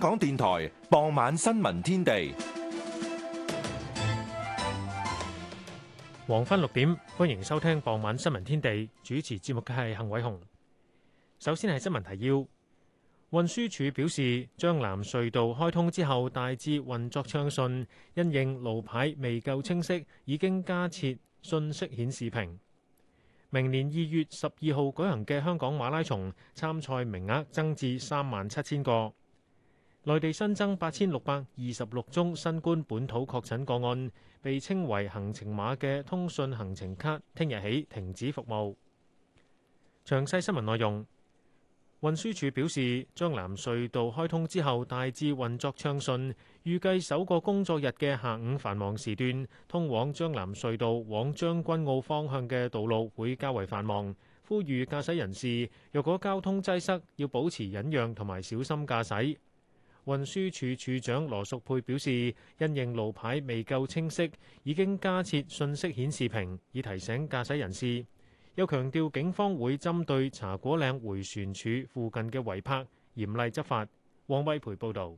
香港電台傍晚新聞天地，黃昏六點歡迎收聽傍晚新聞天地。主持節目嘅係幸偉雄。首先係新聞提要。運輸署表示，將南隧道開通之後，大致運作暢順。因應路牌未夠清晰，已經加設信息顯示屏。明年二月十二號舉行嘅香港馬拉松參賽名額增至三萬七千個。內地新增八千六百二十六宗新冠本土確診個案，被稱為行程碼嘅通訊行程卡，聽日起停止服務。詳細新聞內容，運輸署表示，將藍隧道開通之後，大致運作暢順。預計首個工作日嘅下午繁忙時段，通往將藍隧道往將軍澳方向嘅道路會較為繁忙，呼籲駕駛人士若果交通擠塞，要保持忍讓同埋小心駕駛。運輸署署長羅淑佩表示，因應路牌未夠清晰，已經加設信息顯示屏，以提醒駕駛人士。又強調警方會針對茶果嶺迴旋處附近嘅違泊嚴厲執法。黃惠培報導。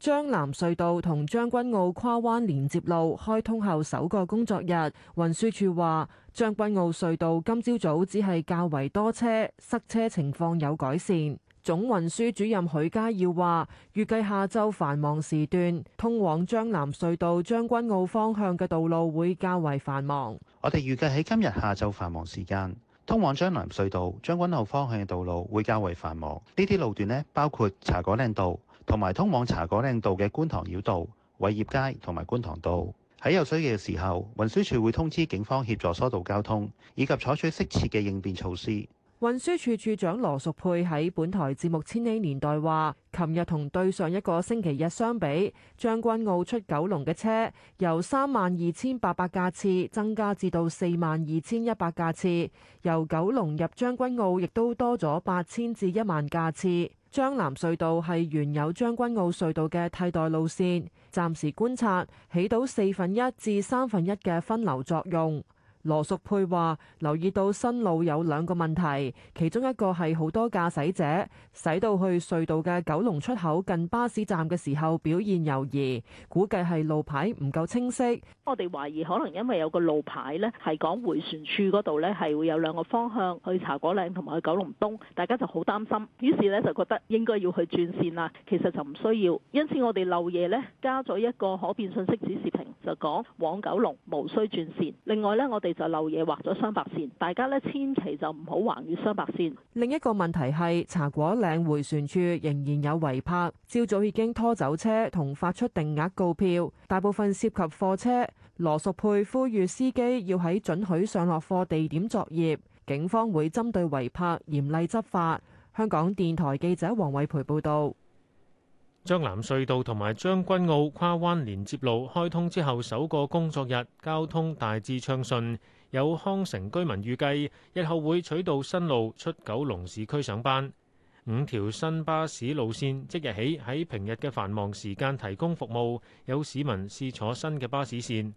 將藍隧道同將軍澳跨灣連接路開通後首個工作日，運輸署話將軍澳隧道今朝早只係較為多車，塞車情況有改善。總運輸主任許家耀話，預計下晝繁忙時段，通往將南隧道將軍澳方向嘅道路會較為繁忙。我哋預計喺今日下晝繁忙時間，通往將南隧道將軍澳方向嘅道路會較為繁忙。呢啲路段呢，包括茶果嶺道同埋通往茶果嶺道嘅觀塘繞道、偉業街同埋觀塘道。喺有需要嘅時候，運輸署會通知警方協助疏導交通，以及採取適切嘅應變措施。運輸處處長羅淑佩喺本台節目《千禧年代》話，琴日同對上一個星期日相比，將軍澳出九龍嘅車由三萬二千八百架次增加至到四萬二千一百架次，由九龍入將軍澳亦都多咗八千至一萬架次。將藍隧道係原有將軍澳隧道嘅替代路線，暫時觀察起到四分一至三分一嘅分流作用。羅淑佩話：留意到新路有兩個問題，其中一個係好多駕駛者駛到去隧道嘅九龍出口近巴士站嘅時候表現猶豫，估計係路牌唔夠清晰。我哋懷疑可能因為有個路牌呢係講回旋處嗰度呢係會有兩個方向去茶果嶺同埋去九龍東，大家就好擔心，於是呢就覺得應該要去轉線啦。其實就唔需要，因此我哋漏夜呢加咗一個可變信息指示屏，就講往九龍無需轉線。另外呢，我哋。就漏嘢劃咗雙白線，大家咧千祈就唔好橫越雙白線。另一個問題係茶果嶺迴旋處仍然有違泊，朝早已經拖走車同發出定額告票，大部分涉及貨車。羅淑佩呼籲司機要喺准許上落貨地點作業，警方會針對違泊嚴厲執法。香港電台記者黃偉培報導。將藍隧道同埋將軍澳跨灣連接路開通之後，首個工作日交通大致暢順。有康城居民預計，日後會取道新路出九龍市區上班。五條新巴士路線即日起喺平日嘅繁忙時間提供服務，有市民試坐新嘅巴士線。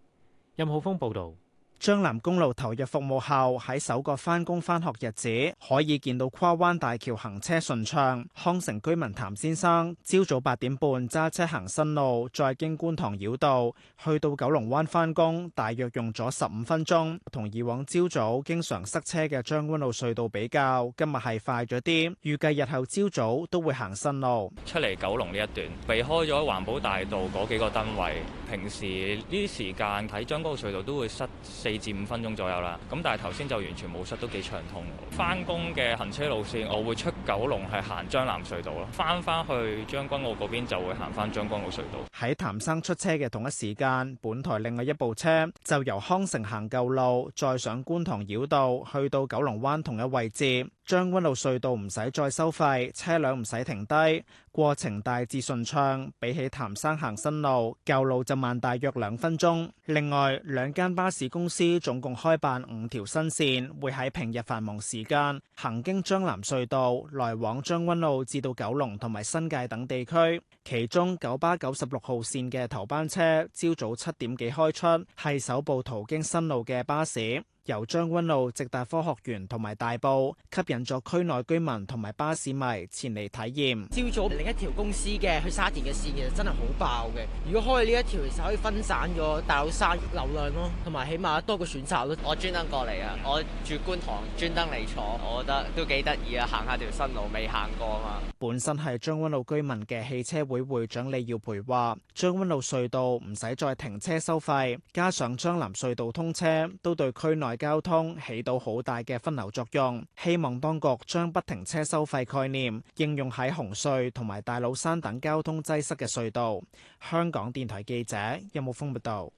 任浩峰報導。將藍公路投入服務後，喺首個返工返學日子，可以見到跨灣大橋行車順暢。康城居民譚先生朝早八點半揸車行新路，再經觀塘繞道去到九龍灣返工，大約用咗十五分鐘。同以往朝早經常塞車嘅將軍澳隧道比較，今日係快咗啲。預計日後朝早都會行新路，出嚟九龍呢一段避開咗環保大道嗰幾個燈位。平時呢啲時間喺將軍澳隧道都會塞。四至五分鐘左右啦，咁但係頭先就完全冇塞，都幾暢通。返工嘅行車路線，我會出九龍係行將藍隧道咯，返返去將軍澳嗰邊就會行返將軍澳隧道。喺譚生出車嘅同一時間，本台另外一部車就由康城行舊路，再上觀塘繞道去到九龍灣同一位置。將軍澳隧道唔使再收費，車輛唔使停低，過程大致順暢。比起潭山行新路，舊路就慢大約兩分鐘。另外，兩間巴士公司總共開辦五條新線，會喺平日繁忙時間行經將藍隧道，來往將軍澳至到九龍同埋新界等地區。其中九巴九十六號線嘅頭班車朝早七點幾開出，係首部途經新路嘅巴士。由將軍澳直達科學園同埋大埔，吸引咗區內居民同埋巴士迷前嚟體驗。朝早另一條公司嘅去沙田嘅線其實真係好爆嘅，如果開呢一條其實可以分散咗大老山流量咯，同埋起碼多個選擇咯。我專登過嚟啊，我住觀塘，專登嚟坐，我覺得都幾得意啊，行下條新路未行過啊嘛。本身係將軍澳居民嘅汽車會會長李耀培話：將軍澳隧道唔使再停車收費，加上將藍隧，隧，隧，隧，隧，隧道通車，都對區內。交通起到好大嘅分流作用，希望當局將不停車收費概念應用喺紅隧同埋大老山等交通擠塞嘅隧道。香港電台記者任木峰報道。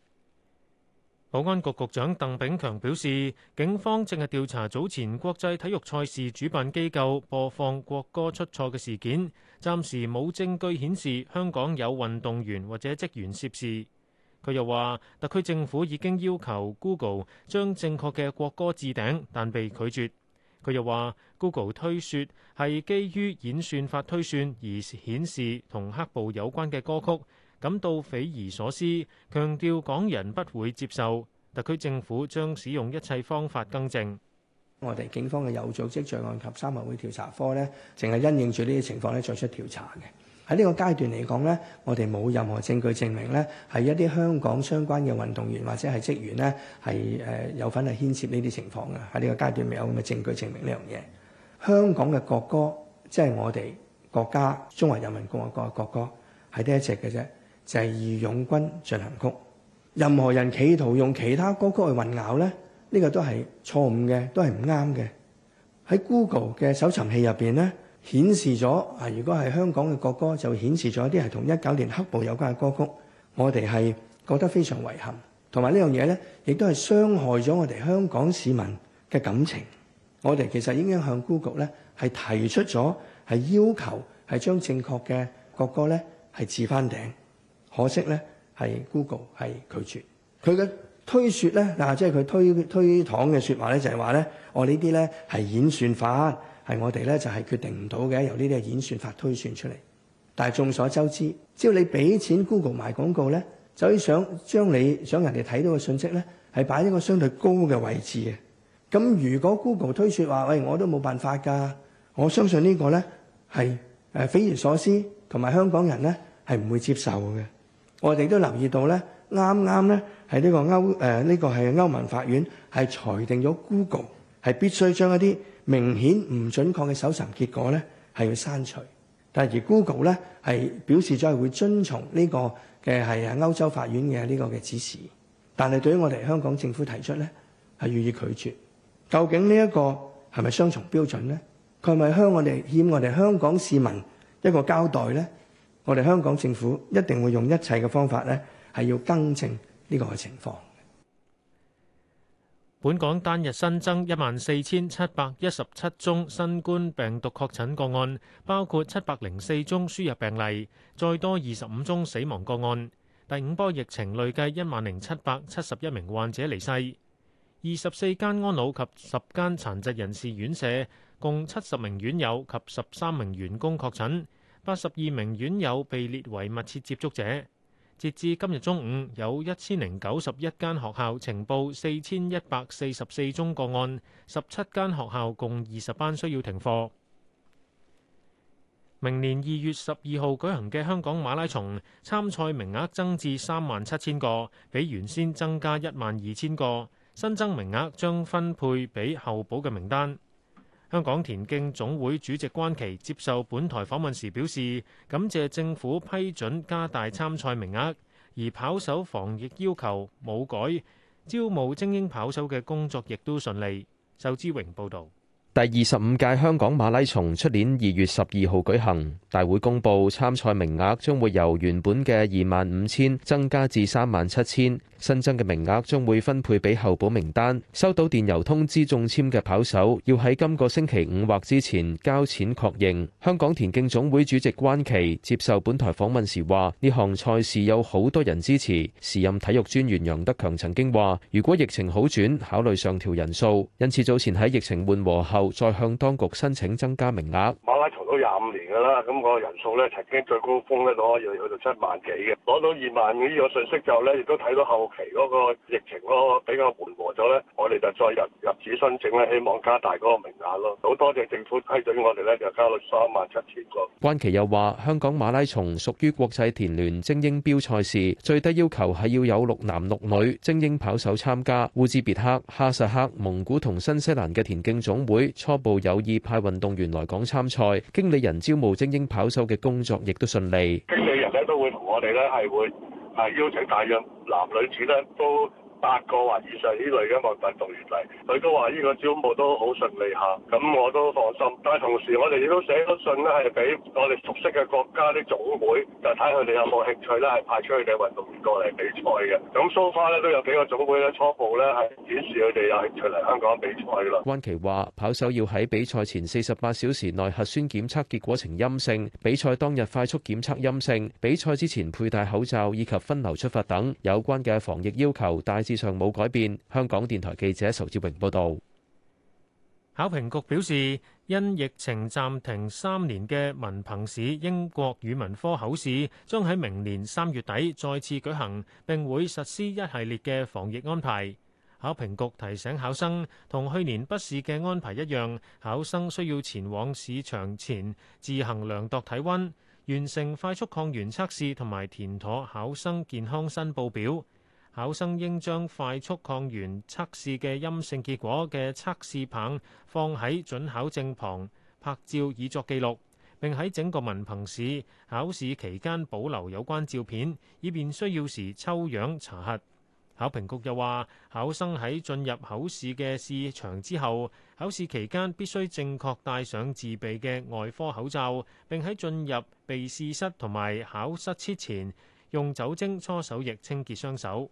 保安局局長鄧炳強表示，警方正係調查早前國際體育賽事主辦機構播放國歌出錯嘅事件，暫時冇證據顯示香港有運動員或者職員涉事。佢又話，特區政府已經要求 Google 將正確嘅國歌置頂，但被拒絕。佢又話，Google 推説係基於演算法推算而顯示同黑暴有關嘅歌曲，感到匪夷所思，強調港人不會接受。特區政府將使用一切方法更正。我哋警方嘅有組織罪案及三合會調查科呢，淨係因應住呢啲情況咧，作出調查嘅。喺呢個階段嚟講咧，我哋冇任何證據證明咧係一啲香港相關嘅運動員或者係職員咧係誒有份係牽涉呢啲情況嘅。喺呢個階段未有咁嘅證據證明呢樣嘢。香港嘅國歌即係我哋國家中華人民共和國嘅國歌，係得一隻嘅啫，就係義勇軍進行曲。任何人企圖用其他歌曲去混淆咧，呢個都係錯誤嘅，都係唔啱嘅。喺 Google 嘅搜尋器入邊咧。顯示咗啊！如果係香港嘅國歌，就顯示咗一啲係同一九年黑暴有關嘅歌曲。我哋係覺得非常遺憾，同埋呢樣嘢咧，亦都係傷害咗我哋香港市民嘅感情。我哋其實已經向 Google 咧係提出咗，係要求係將正確嘅國歌咧係置翻頂。可惜咧係 Google 係拒絕。佢嘅推説咧嗱，即係佢推推搪嘅説話咧，就係話咧，我呢啲咧係演算法。係我哋咧，就係決定唔到嘅，由呢啲演算法推算出嚟。但係眾所周知，只要你俾錢 Google 賣廣告咧，就可以想將你想人哋睇到嘅信息咧，係擺喺一個相對高嘅位置嘅。咁如果 Google 推説話，喂，我都冇辦法㗎，我相信呢個咧係誒匪夷所思，同埋香港人咧係唔會接受嘅。我哋都留意到咧，啱啱咧喺呢個歐誒呢個係歐盟法院係裁定咗 Google 係必須將一啲明顯唔準確嘅搜尋結果咧，係要刪除。但係而 Google 咧係表示咗會遵從呢個嘅係歐洲法院嘅呢個嘅指示。但係對於我哋香港政府提出咧係予以拒絕。究竟呢一個係咪雙重標準咧？佢係咪向我哋欠我哋香港市民一個交代咧？我哋香港政府一定會用一切嘅方法咧係要更正呢個嘅情況。本港單日新增一萬四千七百一十七宗新冠病毒確診個案，包括七百零四宗輸入病例，再多二十五宗死亡個案。第五波疫情累計一萬零七百七十一名患者離世。二十四間安老及十間殘疾人士院舍，共七十名院友及十三名員工確診，八十二名院友被列為密切接觸者。截至今日中午，有一千零九十一間學校呈報四千一百四十四宗個案，十七間學校共二十班需要停課。明年二月十二號舉行嘅香港馬拉松參賽名額增至三萬七千個，比原先增加一萬二千個，新增名額將分配俾候補嘅名單。香港田徑總會主席關琦接受本台訪問時表示，感謝政府批准加大參賽名額，而跑手防疫要求冇改，招募精英跑手嘅工作亦都順利。仇之榮報導。第二十五屆香港馬拉松出年二月十二號舉行，大會公佈參賽名額將會由原本嘅二萬五千增加至三萬七千，新增嘅名額將會分配俾候補名單。收到電郵通知中簽嘅跑手要喺今個星期五或之前交錢確認。香港田徑總會主席關琦接受本台訪問時話：呢項賽事有好多人支持。時任體育專員楊德強曾經話：如果疫情好轉，考慮上調人數。因此早前喺疫情緩和後。再向當局申請增加名額。從到廿五年㗎啦，咁個人數咧曾經最高峯咧都可以去到七萬幾嘅，攞到二萬嘅呢個信息之後咧，亦都睇到後期嗰個疫情咯比較緩和咗咧，我哋就再入入紙申請咧，希望加大嗰個名額咯。好多謝政府批准我哋咧，就加到三萬七千個。關其又話：香港馬拉松屬於國際田聯精英標賽事，最低要求係要有六男六女精英跑手參加。烏茲別克、哈薩克、蒙古同新西蘭嘅田徑總會初步有意派運動員來港參賽。經理人招募精英跑手嘅工作亦都順利，經理人咧都會同我哋咧係會係邀請大約男女主咧都。八個或以上呢類嘅運動員嚟，佢都話呢個招募都好順利下，咁我都放心。但係同時我哋亦都寫咗信呢，係俾我哋熟悉嘅國家啲總會，就睇佢哋有冇興趣咧，係派出佢哋運動員過嚟比賽嘅。咁蘇花呢都有幾個總會咧，初步咧係顯示佢哋有興趣嚟香港比賽啦。關其話，跑手要喺比賽前四十八小時內核酸檢測結果呈陰性，比賽當日快速檢測陰性，比賽之前佩戴口罩以及分流出發等有關嘅防疫要求帶。市場冇改變。香港電台記者仇志榮報導。考評局表示，因疫情暫停三年嘅文憑試英國語文科口試，將喺明年三月底再次舉行，並會實施一系列嘅防疫安排。考評局提醒考生，同去年筆試嘅安排一樣，考生需要前往試場前自行量度體温，完成快速抗原測試同埋填妥考生健康申報表。考生應將快速抗原測試嘅陰性結果嘅測試棒放喺準考證旁，拍照以作記錄，並喺整個文憑試考試期間保留有關照片，以便需要時抽樣查核。考評局又話，考生喺進入口試嘅試場之後，考試期間必須正確戴上自備嘅外科口罩，並喺進入備試室同埋考室之前用酒精搓手液清潔雙手。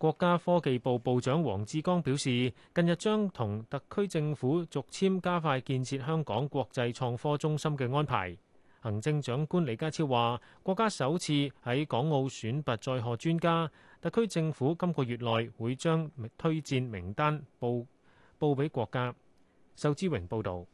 國家科技部部長王志剛表示，近日將同特區政府續簽加快建設香港國際創科中心嘅安排。行政長官李家超話：國家首次喺港澳選拔在學專家，特區政府今個月內會將推薦名單報報俾國家。秀之榮報道，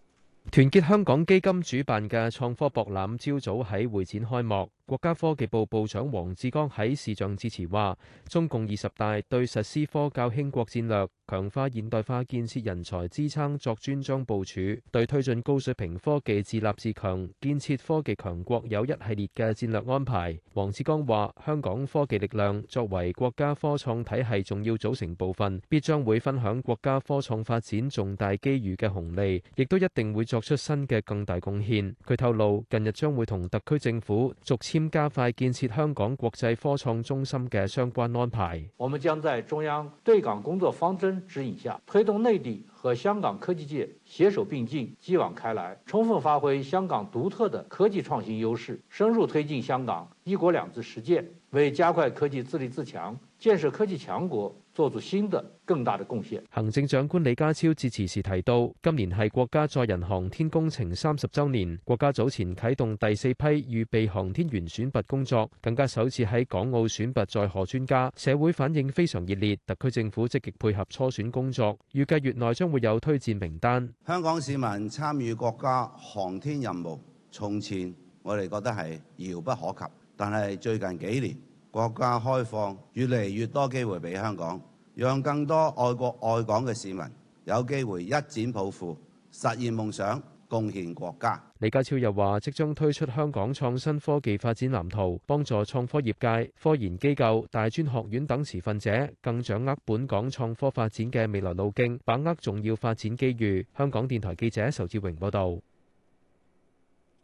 團結香港基金主辦嘅創科博覽朝早喺會展開幕。國家科技部部長王志剛喺視像致辭話：中共二十大對實施科教興國戰略、強化現代化建設人才支撐作專章部署，對推進高水平科技自立自強、建設科技強國有一系列嘅戰略安排。王志剛話：香港科技力量作為國家科創體系重要組成部分，必將會分享國家科創發展重大機遇嘅紅利，亦都一定會作出新嘅更大貢獻。佢透露，近日將會同特區政府逐次。添加快建設香港國際科創中心嘅相關安排，我們將在中央對港工作方針指引下，推動內地和香港科技界携手並進、繼往開來，充分發揮香港獨特的科技創新優勢，深入推進香港一國兩制實踐，為加快科技自立自強、建設科技強國。作出新的更大的貢獻。行政長官李家超致辭時提到，今年係國家載人航天工程三十周年，國家早前啟動第四批預備航天員選拔工作，更加首次喺港澳選拔載荷專家，社會反應非常熱烈。特區政府積極配合初選工作，預計月內將會有推薦名單，香港市民參與國家航天任務，從前我哋覺得係遙不可及，但係最近幾年。國家開放越嚟越多機會俾香港，讓更多愛國愛港嘅市民有機會一展抱負，實現夢想，貢獻國家。李家超又話，即將推出香港創新科技發展藍圖，幫助創科業界、科研機構、大專學院等持份者更掌握本港創科發展嘅未來路徑，把握重要發展機遇。香港電台記者仇志榮報導。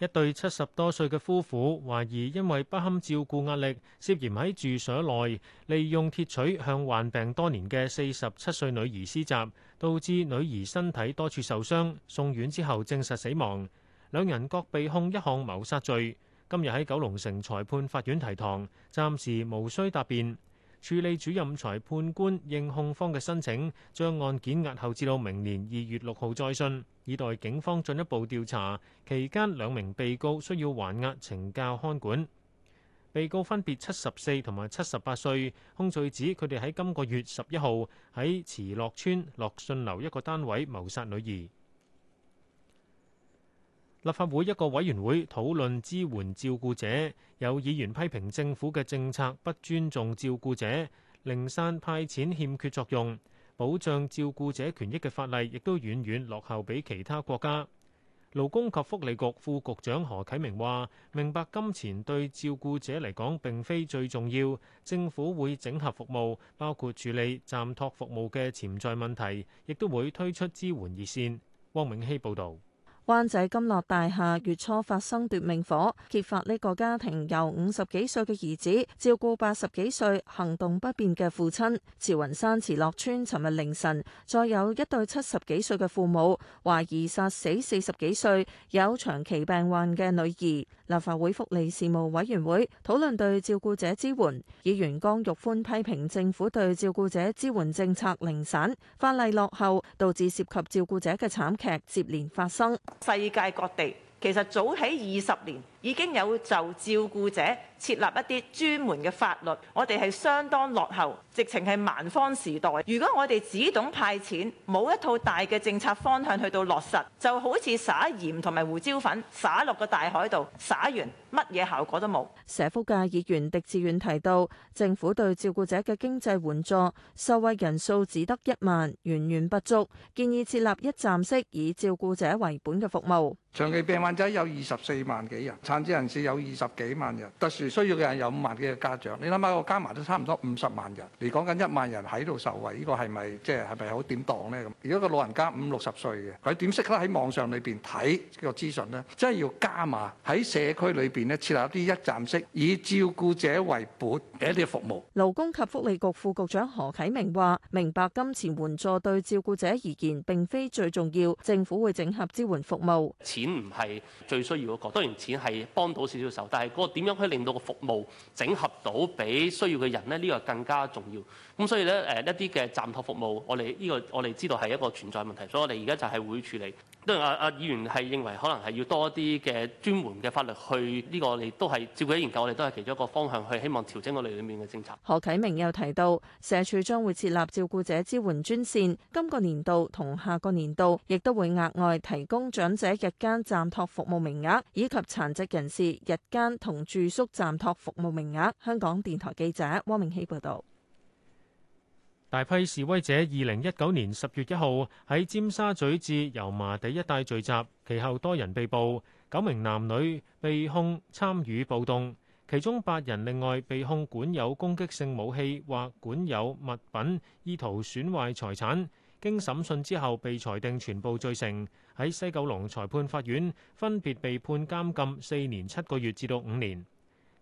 一對七十多歲嘅夫婦，懷疑因為不堪照顧壓力，涉嫌喺住所內利用鐵錘向患病多年嘅四十七歲女兒施襲，導致女兒身體多處受傷，送院之後證實死亡。兩人各被控一項謀殺罪，今日喺九龍城裁判法院提堂，暫時無需答辯。處理主任裁判官應控方嘅申請，將案件押後至到明年二月六號再訊，以待警方進一步調查。期間，兩名被告需要還押，懲教看管。被告分別七十四同埋七十八歲，控罪指佢哋喺今個月十一號喺慈樂邨樂信樓一個單位謀殺女兒。立法會一個委員會討論支援照顧者，有議員批評政府嘅政策不尊重照顧者，零散派錢欠缺作用，保障照顧者權益嘅法例亦都遠遠落後畀其他國家。勞工及福利局副局長何啟明話：明白金錢對照顧者嚟講並非最重要，政府會整合服務，包括處理暫託服務嘅潛在問題，亦都會推出支援熱線。汪永熙報導。灣仔金樂大廈月初發生奪命火，揭發呢個家庭由五十幾歲嘅兒子照顧八十幾歲行動不便嘅父親。慈雲山慈樂村尋日凌晨，再有一對七十幾歲嘅父母懷疑殺死四十幾歲有長期病患嘅女兒。立法會福利事務委員會討論對照顧者支援，議員江玉歡批評政府對照顧者支援政策零散，法例落後，導致涉及照顧者嘅慘劇接連發生。世界各地其實早喺二十年，已經有就照顧者設立一啲專門嘅法律，我哋係相當落後，直情係蠻荒時代。如果我哋只懂派錢，冇一套大嘅政策方向去到落實，就好似撒鹽同埋胡椒粉撒落個大海度，撒完乜嘢效果都冇。社福界議員狄志遠提到，政府對照顧者嘅經濟援助受惠人數只得一萬，遠遠不足，建議設立一站式以照顧者為本嘅服務。長期病患者有二十四萬幾人。殘疾人士有二十幾萬人，特殊需要嘅人有五萬幾個家長，你諗下，我加埋都差唔多五十萬人。你講緊一萬人喺度受惠，這個是是就是，是是呢個係咪即係係咪好點當咧？咁如果個老人家五六十歲嘅，佢點識得喺網上裏邊睇個資訊咧？真係要加碼喺社區裏邊咧設立一啲一站式，以照顧者為本嘅一啲服務。勞工及福利局副局長何啟明話，明白金錢援助對照顧者而言並非最重要，政府會整合支援服務。錢唔係最需要嗰個，當然錢係。幫到少少手，但係，個點樣可以令到個服務整合到俾需要嘅人咧？呢、這個更加重要。咁所以咧，誒一啲嘅暫託服務，我哋呢個我哋知道係一個存在問題，所以我哋而家就係會處理。都阿阿議員係認為可能係要多啲嘅專門嘅法律去呢個，我哋都係照顧者研究，我哋都係其中一個方向去希望調整我哋裏面嘅政策。何啟明又提到，社署將會設立照顧者支援專線，今個年度同下個年度亦都會額外提供長者日間暫託服務名額，以及殘疾人士日間同住宿暫託服務名額。香港電台記者汪明熙報道。大批示威者二零一九年十月一號喺尖沙咀至油麻地一帶聚集。其後多人被捕，九名男女被控參與暴動，其中八人另外被控管有攻擊性武器或管有物品，意圖損壞財產，經審訊之後被裁定全部罪成，喺西九龍裁判法院分別被判監禁四年七個月至到五年。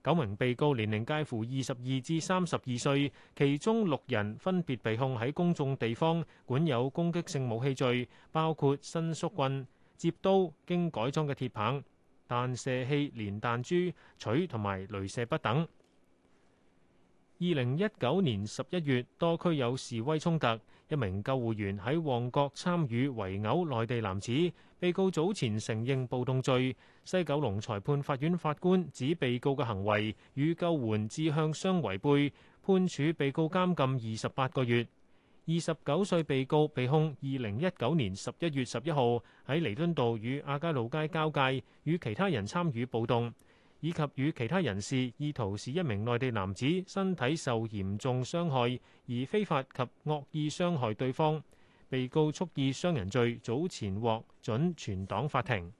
九名被告年齡介乎二十二至三十二歲，其中六人分別被控喺公眾地方管有攻擊性武器罪，包括伸縮棍、摺刀、經改裝嘅鐵棒、彈射器、連彈珠、錘同埋鐳射筆等。二零一九年十一月，多區有示威衝突。一名救護員喺旺角參與圍毆內地男子，被告早前承認暴動罪。西九龍裁判法院法官指被告嘅行為與救援志向相違背，判處被告監禁二十八個月。二十九歲被告被控二零一九年十一月十一號喺彌敦道與亞皆老街交界與其他人參與暴動，以及與其他人士意圖使一名內地男子身體受嚴重傷害而非法及惡意傷害對方，被告蓄意傷人罪早前獲准存檔法庭。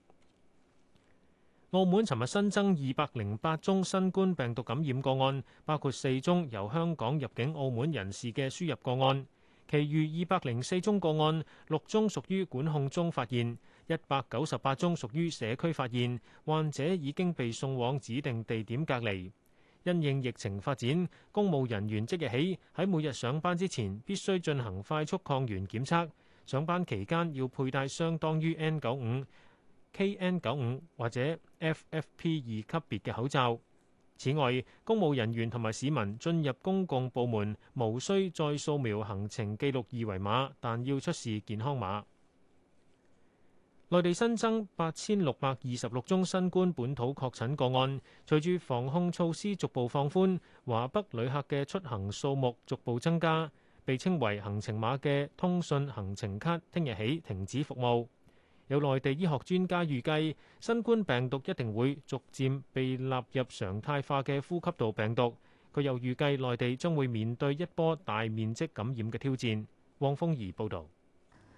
澳門尋日新增二百零八宗新冠病毒感染個案，包括四宗由香港入境澳門人士嘅輸入個案，其餘二百零四宗個案，六宗屬於管控中發現。一百九十八宗屬於社區發現，患者已經被送往指定地點隔離。因應疫情發展，公務人員即日起喺每日上班之前必須進行快速抗原檢測，上班期間要佩戴相當於 N 九五、KN 九五或者 FFP 二級別嘅口罩。此外，公務人員同埋市民進入公共部門無需再掃描行程記錄二維碼，但要出示健康碼。內地新增八千六百二十六宗新冠本土確診個案，隨住防控措施逐步放寬，華北旅客嘅出行數目逐步增加。被稱為行程碼嘅通訊行程卡，聽日起停止服務。有內地醫學專家預計，新冠病毒一定會逐漸被納入常態化嘅呼吸道病毒。佢又預計內地將會面對一波大面積感染嘅挑戰。汪峰儀報導。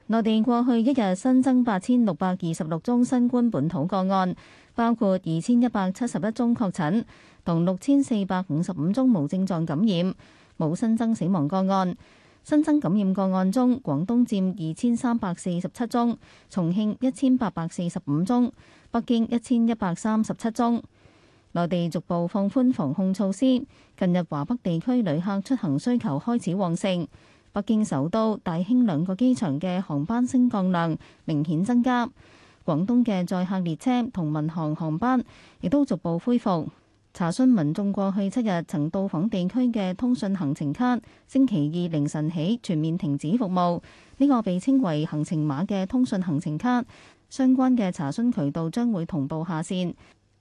內地過去一日新增八千六百二十六宗新冠本土個案，包括二千一百七十一宗確診，同六千四百五十五宗無症狀感染，冇新增死亡個案。新增感染個案中，廣東佔二千三百四十七宗，重慶一千八百四十五宗，北京一千一百三十七宗。內地逐步放寬防控措施，近日華北地區旅客出行需求開始旺盛。北京首都、大興兩個機場嘅航班升降量明顯增加。廣東嘅載客列車同民航航班亦都逐步恢復。查詢民眾過去七日曾到訪地區嘅通訊行程卡，星期二凌晨起全面停止服務。呢個被稱為行程碼嘅通訊行程卡相關嘅查詢渠道將會同步下線。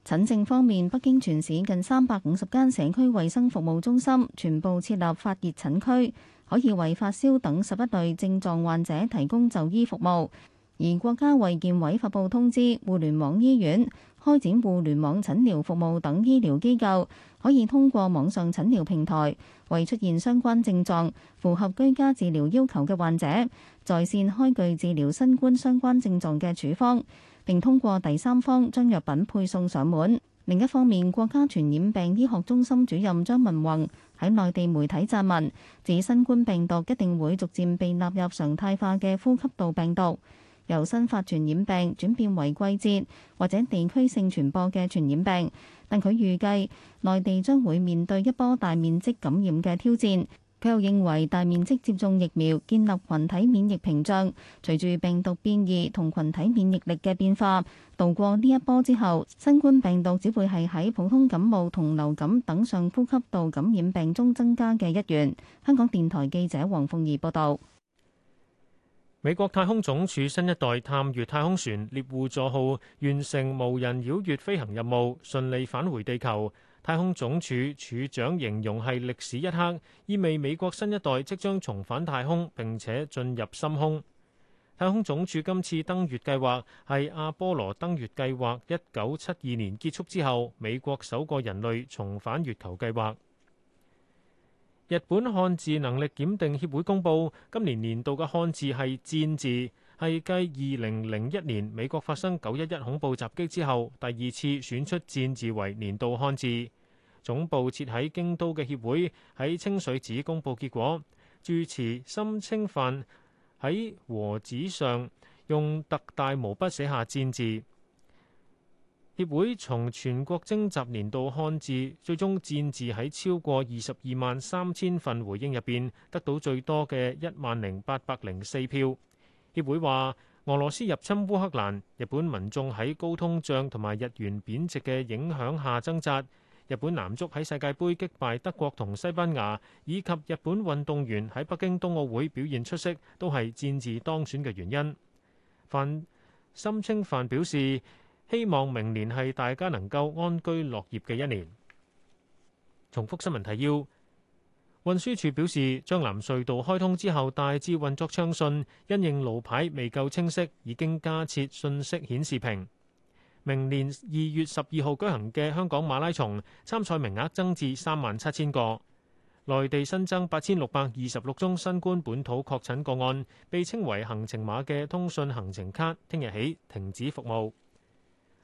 診症方面，北京全市近三百五十間社區衛生服務中心全部設立發熱診區。可以為發燒等十一類症狀患者提供就醫服務，而國家衛健委發布通知，互聯網醫院開展互聯網診療服務等醫療機構，可以通過網上診療平台，為出現相關症狀、符合居家治療要求嘅患者，在線開具治療新冠相關症狀嘅處方，並通過第三方將藥品配送上門。另一方面，國家傳染病醫學中心主任張文宏，喺內地媒體撰文指新冠病毒一定會逐漸被納入常態化嘅呼吸道病毒，由新發傳染病轉變為季節或者地區性傳播嘅傳染病，但佢預計內地將會面對一波大面積感染嘅挑戰。佢又認為，大面積接種疫苗，建立群體免疫屏障，隨住病毒變異同群體免疫力嘅變化，渡過呢一波之後，新冠病毒只會係喺普通感冒同流感等上呼吸道感染病中增加嘅一員。香港電台記者黃鳳儀報道。美國太空總署新一代探月太空船獵戶座號完成無人繞月飛行任務，順利返回地球。太空總署署長形容係歷史一刻，意味美國新一代即將重返太空，並且進入深空。太空總署今次登月計劃係阿波羅登月計劃一九七二年結束之後，美國首個人類重返月球計劃。日本漢字能力檢定協會公佈今年年度嘅漢字係戰字。係繼二零零一年美國發生九一一恐怖襲擊之後，第二次選出戰字為年度漢字。總部設喺京都嘅協會喺清水寺公佈結果，住持森清範喺和紙上用特大毛筆寫下戰字。協會從全國徵集年度漢字，最終戰字喺超過二十二萬三千份回應入面得到最多嘅一萬零八百零四票。協會話：俄羅斯入侵烏克蘭，日本民眾喺高通脹同埋日元貶值嘅影響下掙扎。日本男足喺世界盃擊敗德國同西班牙，以及日本運動員喺北京冬奧會表現出色，都係戰字當選嘅原因。范心清範表示：希望明年係大家能夠安居樂業嘅一年。重複新聞提要。運輸署表示，張南隧道開通之後，大致運作暢順。因應路牌未夠清晰，已經加設信息顯示屏。明年二月十二號舉行嘅香港馬拉松，參賽名額增至三萬七千個。內地新增八千六百二十六宗新冠本土確診個案。被稱為行程碼嘅通訊行程卡，聽日起停止服務。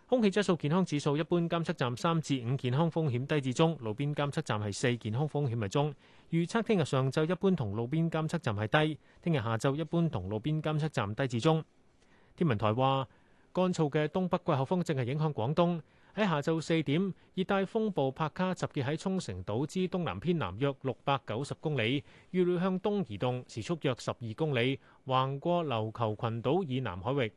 空氣質素健康指數，一般監測站三至五，健康風險低至中，路邊監測站係四，健康風險係中。預測聽日上晝一般同路邊監測站係低，聽日下晝一般同路邊監測站低至中。天文台話，乾燥嘅東北季候風正係影響廣東。喺下晝四點，熱帶風暴帕卡集結喺沖繩島之東南偏南約六百九十公里，預料向東移動，時速約十二公里，橫過琉球群島以南海域。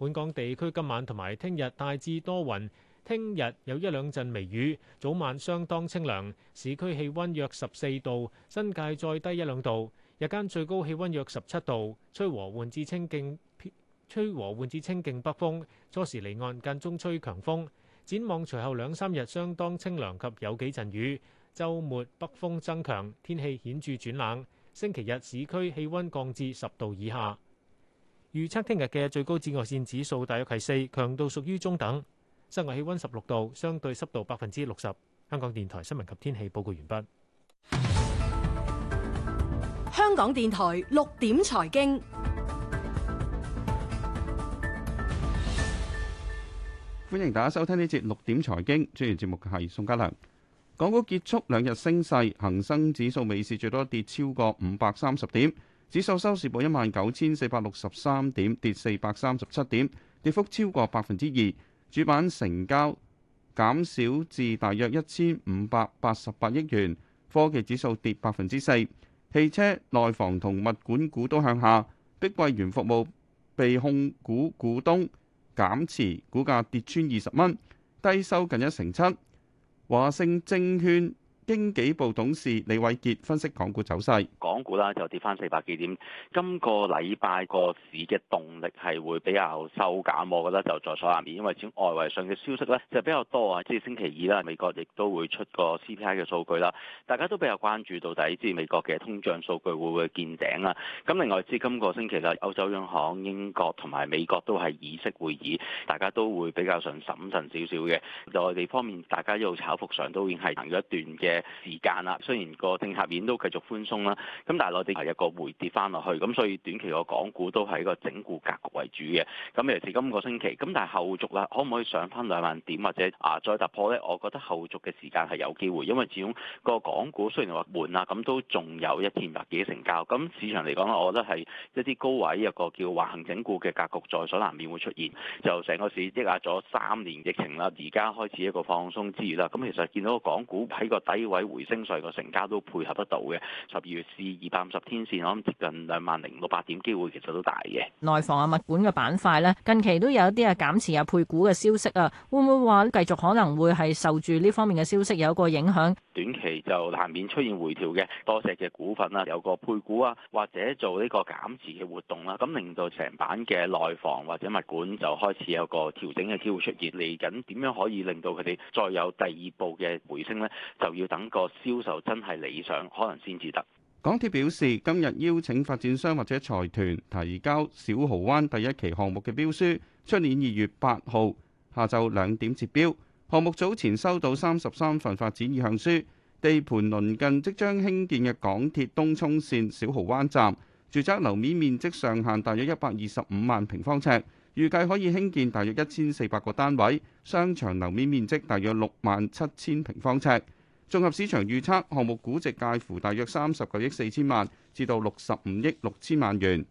本港地區今晚同埋聽日大致多雲，聽日有一兩陣微雨，早晚相當清涼，市區氣温約十四度，新界再低一兩度，日間最高氣温約十七度，吹和緩至清勁，吹和緩至清勁北風，初時離岸間中吹強風。展望隨後兩三日相當清涼及有幾陣雨，週末北風增強，天氣顯著轉冷，星期日市區氣温降至十度以下。預測聽日嘅最高紫外線指數大約係四，強度屬於中等。室外氣溫十六度，相對濕度百分之六十。香港電台新聞及天氣報告完畢。香港電台六點財經，歡迎大家收聽呢節六點財經。主持節目嘅係宋家良。港股結束兩日升勢，恒生指數尾市最多跌超過五百三十點。指數收市報一萬九千四百六十三點，跌四百三十七點，跌幅超過百分之二。主板成交減少至大約一千五百八十八億元。科技指數跌百分之四。汽車、內房同物管股都向下。碧桂園服務被控股股東減持，股價跌穿二十蚊，低收近一成七。華盛證券。經紀部董事李偉杰分析港股走勢。港股啦就跌翻四百幾點，今個禮拜個市嘅動力係會比較收減，我覺得就在所難免。因為外圍上嘅消息呢，就比較多啊，即係星期二啦，美國亦都會出個 CPI 嘅數據啦，大家都比較關注到底即係美國嘅通脹數據會唔會見頂啦。咁另外，即係今個星期啦，歐洲央行、英國同埋美國都係議息會議，大家都會比較上審慎少少嘅。內地方面，大家喺度炒幅上都已經係行咗一段嘅時間啦，雖然個政策面都繼續寬鬆啦，咁但係內地係一個回跌翻落去，咁所以短期個港股都係一個整固格局為主嘅。咁尤其是今個星期，咁但係後續啦，可唔可以上翻兩萬點或者啊再突破呢？我覺得後續嘅時間係有機會，因為始終個港股雖然話悶啦，咁都仲有一千百幾成交，咁市場嚟講我覺得係一啲高位一個叫橫行整固嘅格局在所難免會出現。就成個市積壓咗三年疫情啦，而家開始一個放鬆之餘啦，咁其實見到個港股喺個底位回升，稅個成交都配合得到嘅。十二月是二百五十天線，我諗接近兩萬零六百點機會其實都大嘅。內房啊、物管嘅板塊咧，近期都有一啲啊減持啊配股嘅消息啊，會唔會話繼續可能會係受住呢方面嘅消息有個影響，短期就難免出現回調嘅多隻嘅股份啦，有個配股啊，或者做呢個減持嘅活動啦，咁令到成版嘅內房或者物管就開始有個調整嘅機會出現，嚟緊點樣可以令到佢哋再有第二步嘅回升咧，就要。等個銷售真係理想，可能先至得。港鐵表示，今日邀請發展商或者財團提交小蠔灣第一期項目嘅標書，出年二月八號下晝兩點截標。項目早前收到三十三份發展意向書，地盤鄰近即將興建嘅港鐵東涌線小蠔灣站，住宅樓面面積上限大約一百二十五萬平方尺，預計可以興建大約一千四百個單位，商場樓面面積大約六萬七千平方尺。綜合市場預測，項目估值介乎大約三十九億四千萬至到六十五億六千萬元。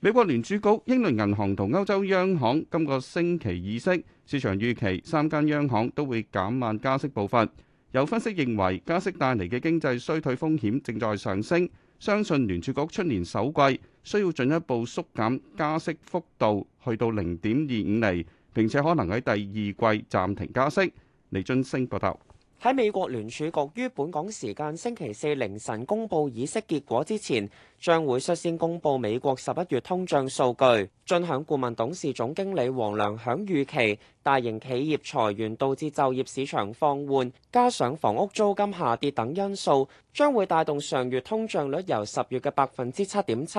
美國聯儲局、英倫銀行同歐洲央行今個星期議息，市場預期三間央行都會減慢加息步伐。有分析認為，加息帶嚟嘅經濟衰退風險正在上升，相信聯儲局出年首季需要進一步縮減加息幅度，去到零點二五厘，並且可能喺第二季暫停加息。李津升報道。喺美國聯儲局於本港時間星期四凌晨公布議息結果之前，將會率先公布美國十一月通脹數據。進享顧問董事總經理黃良響預期，大型企業裁員導致就業市場放緩，加上房屋租金下跌等因素，將會帶動上月通脹率由十月嘅百分之七點七，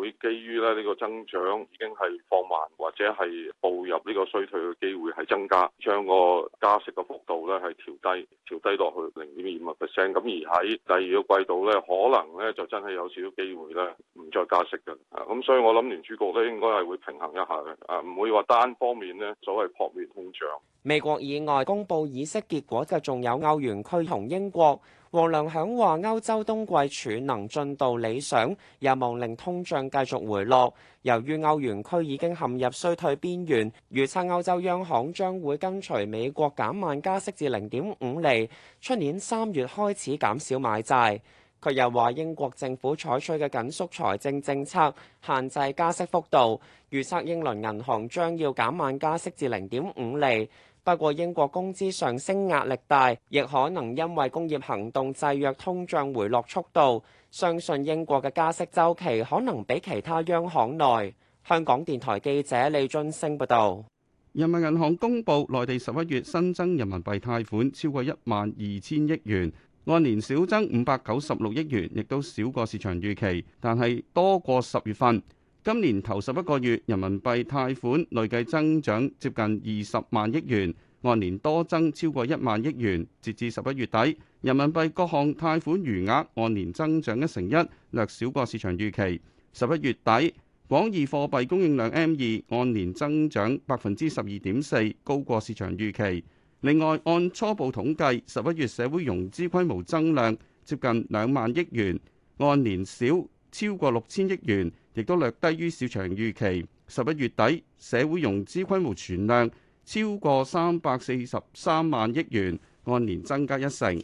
會基於咧呢個增長已經係放慢，或者係步入呢個衰退嘅機會係增加，將個加息嘅幅度咧係調低、調低落去零點二五個 percent。咁而喺第二個季度咧，可能咧就真係有少少機會咧唔再加息㗎啦。咁、啊、所以我諗聯儲局咧應該係會平衡一下嘅，誒唔會話單方面咧所謂撲滅通脹。美國以外公佈議息結果嘅仲有歐元區同英國。王良響話：歐洲冬季儲能進度理想，有望令通脹繼續回落。由於歐元區已經陷入衰退邊緣，預測歐洲央行將會跟隨美國減慢加息至零點五厘，出年三月開始減少買債。佢又話：英國政府採取嘅緊縮財政政策限制加息幅度，預測英倫銀行將要減慢加息至零點五厘。不過英國工資上升壓力大，亦可能因為工業行動制約通脹回落速度。相信英國嘅加息週期可能比其他央行耐。香港電台記者李津升報道，人民銀行公布內地十一月新增人民幣貸款超過一萬二千億元，按年少增五百九十六億元，亦都少過市場預期，但係多過十月份。今年頭十一個月，人民幣貸款累計增長接近二十萬億元，按年多增超過一萬億元。截至十一月底，人民幣各項貸款餘額按年增長一成一，略少過市場預期。十一月底，廣義貨幣供應量 M 二按年增長百分之十二點四，高過市場預期。另外，按初步統計，十一月社會融資規模增量接近兩萬億元，按年少超過六千億元。亦都略低於市場預期。十一月底社會融資規模存量超過三百四十三萬億元，按年增加一成。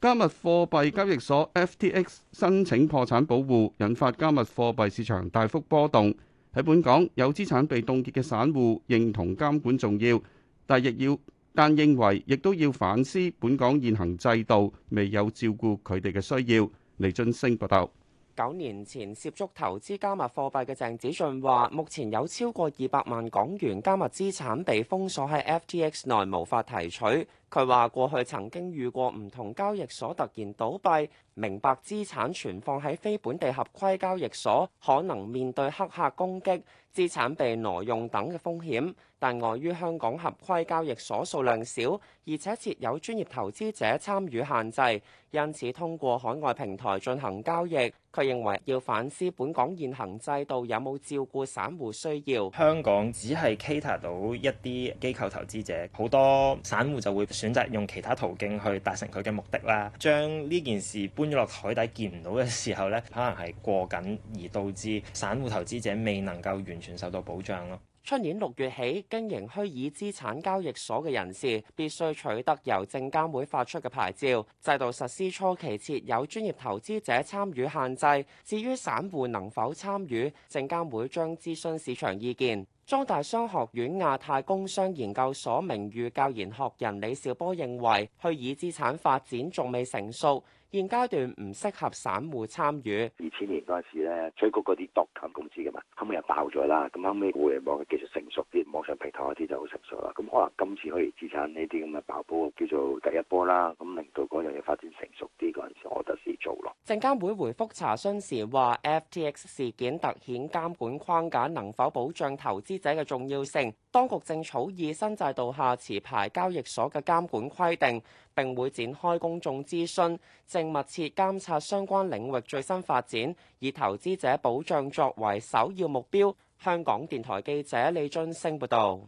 加密貨幣交易所 FTX 申請破產保護，引發加密貨幣市場大幅波動。喺本港有資產被凍結嘅散戶認同監管重要，但亦要，但認為亦都要反思本港現行制度未有照顧佢哋嘅需要。李俊升報道。九年前涉足投資加密貨幣嘅鄭子俊話，目前有超過二百萬港元加密資產被封鎖喺 FTX 內，無法提取。佢話：過去曾經遇過唔同交易所突然倒閉，明白資產存放喺非本地合規交易所，可能面對黑客攻擊、資產被挪用等嘅風險。但礙於香港合規交易所數量少，而且設有專業投資者參與限制，因此通過海外平台進行交易。佢認為要反思本港現行制度有冇照顧散戶需要。香港只係 cater 到一啲機構投資者，好多散戶就會。選擇用其他途徑去達成佢嘅目的啦，將呢件事搬咗落台底見唔到嘅時候呢，可能係過緊而導致散戶投資者未能夠完全受到保障咯。出年六月起，經營虛擬資產交易所嘅人士必須取得由證監會發出嘅牌照。制度實施初期設有專業投資者參與限制，至於散戶能否參與，證監會將諮詢市場意見。中大商學院亞太工商研究所名譽教研學人李兆波認為虛擬資產發展仲未成熟。現階段唔適合散戶參與。二千年嗰陣時咧，追過嗰啲多級公司嘅嘛，後尾又爆咗啦。咁後尾互聯網嘅技術成熟啲，網上平台嗰啲就好成熟啦。咁可能今次可以資產呢啲咁嘅爆煲叫做第一波啦。咁令到嗰樣嘢發展成熟啲嗰陣時，我特時做咯。證監會回覆查詢時話，FTX 事件凸顯監管框架能否保障投資者嘅重要性。當局正草擬新制度下持牌交易所嘅監管規定。並會展開公眾諮詢，正密切監察相關領域最新發展，以投資者保障作為首要目標。香港電台記者李俊升報導。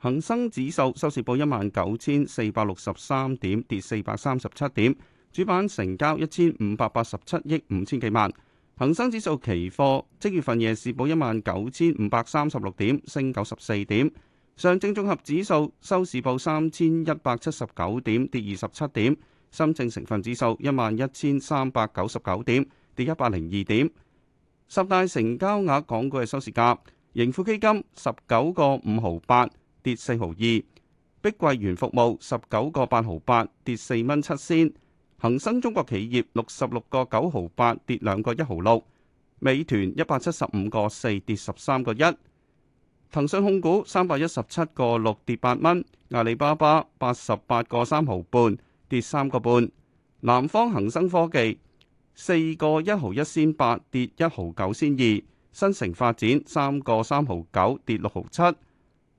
恒生指數收市報一萬九千四百六十三點，跌四百三十七點，主板成交一千五百八十七億五千幾萬。恒生指數期貨即月份夜市報一萬九千五百三十六點，升九十四點。上證綜合指數收市報三千一百七十九點，跌二十七點。深證成分指數一萬一千三百九十九點，跌一百零二點。十大成交額港股嘅收市價：盈富基金十九個五毫八，跌四毫二；碧桂園服務十九個八毫八，跌四蚊七仙；恒生中國企業六十六個九毫八，跌兩個一毫六；美團一百七十五個四，跌十三個一。騰訊控股三百一十七個六跌八蚊，阿里巴巴八十八個三毫半跌三個半，南方恒生科技四個一毫一先八跌一毫九先二，新城發展三個三毫九跌六毫七，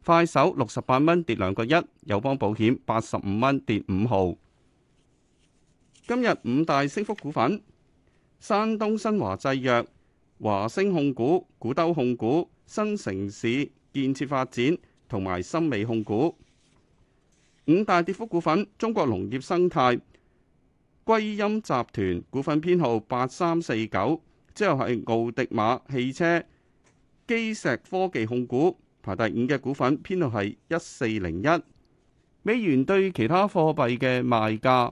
快手六十八蚊跌兩個一，友邦保險八十五蚊跌五毫。今日五大升幅股份：山東新華製藥、華星控股、古兜控股、新城市、建設發展同埋心美控股。五大跌幅股份：中國農業生態、歸音集團股份編號八三四九。之後係奧迪馬汽車、基石科技控股排第五嘅股份編號係一四零一。美元對其他貨幣嘅賣價：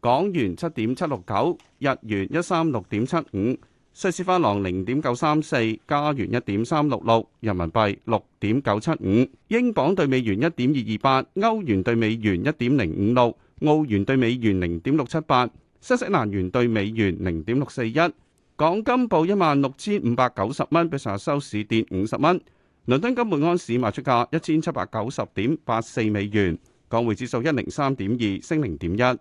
港元七點七六九，日元一三六點七五。瑞士法郎零點九三四，加元一點三六六，人民幣六點九七五，英鎊對美元一點二二八，歐元對美元一點零五六，澳元對美元零點六七八，新西蘭元對美元零點六四一。港金報一萬六千五百九十蚊，比上日收市跌五十蚊。倫敦金每安士賣出價一千七百九十點八四美元，港匯指數一零三點二升零點一。